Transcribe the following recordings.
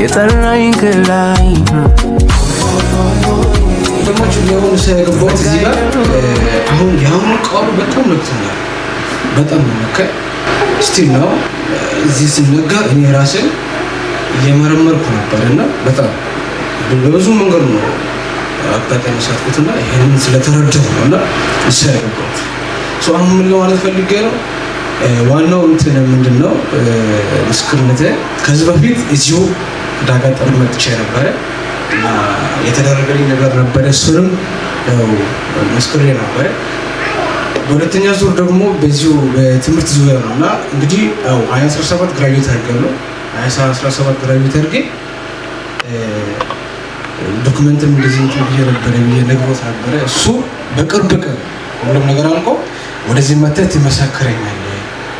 የጠራኝ ከላይ የሆኑ ስለገባት እዚህ ጋር አሁን የአሁኑ ቃሉ በጣም በጣም መከ ስቲል ነው እዚህ እኔ ራሴን እየመረመርኩ ነበር እና በጣም በብዙ መንገድ ነው አጋጣሚ ይህንን ስለተረዳሁ ነው እና እሳ ያገባት አሁን ምን ለማለት ፈልጌ ነው ዋናው እንትን ምንድን ነው ምስክርነት ከዚህ በፊት እዚሁ እንዳጋጠመኝ መጥቼ ነበረ እና የተደረገልኝ ነገር ነበረ። እሱንም ምስክሬ ነበረ። በሁለተኛ ዙር ደግሞ በዚሁ በትምህርት ዙሪያ ነው እና እንግዲህ ሀያ አስራ ሰባት ግራጁዌት አድርጌያለሁ። ሀያ አስራ ሰባት ግራጁዌት አድርጌ ዶክመንትም እንደዚህ እንትን ብዬ ነበረ ብዬ ነግሮት ነበረ። እሱ በቅርብ ቀን ሁሉም ነገር አልቆ ወደዚህ መተት ትመሰክረኛለህ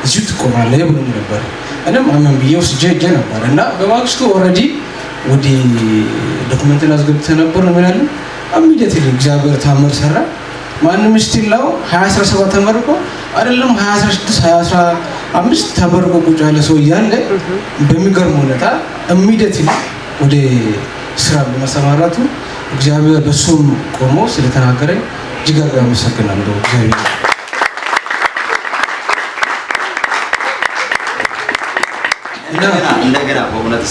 እዚሁ ትቆማለህ ብሎኝ ነበር። እኔም አመን ብዬ ወስጄ ሄጄ ነበር እና በማግስቱ ኦልሬዲ ወደ ዶክመንትን አስገብተህ ነበር ነው የሚላሉ አሚደት እግዚአብሔር ታምር ሰራ። ማንም ስቲላው 2017 ተመርቆ አይደለም 2016 2015 ተመርቆ ቁጭ ያለ ሰው እያለ በሚገርም ሁኔታ እሚደት ል ወደ ስራ በመሰማራቱ እግዚአብሔር በሱም ቆሞ ስለተናገረኝ እጅግ አድርጌ አመሰግናለሁ እግዚአብሔር እንደገና እንደገና በእውነት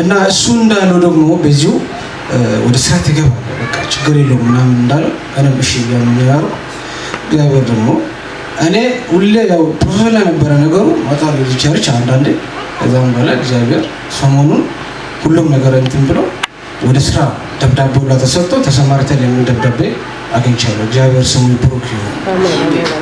እና እሱ እንዳለው ደግሞ በዚሁ ወደ ስራ ትገባለህ፣ በቃ ችግር የለውም ምናምን እንዳለ እኔም እሺ እያሉ ያሉ እግዚአብሔር ደግሞ እኔ ሁሌ ያው ፕሮፌላ ነበረ ነገሩ ማጣ ቸርች አንዳንዴ ከዛም በኋላ እግዚአብሔር ሰሞኑን ሁሉም ነገር እንትን ብሎ ወደ ስራ ደብዳቤ ሁላ ተሰጥቶ ተሰማርተን የሚል ደብዳቤ አግኝቻለሁ። እግዚአብሔር ስሙ ይብሩክ ይሁን።